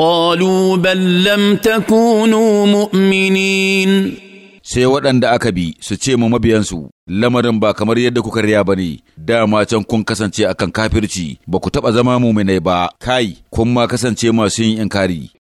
قالوا بل لم تكونوا مؤمنين sai waɗanda aka bi su ce mu mabiyansu lamarin ba kamar yadda kuka riya ba ne dama can kun kasance akan kafirci ba ku taɓa zama muminai ba kai kun ma kasance masu yin inkari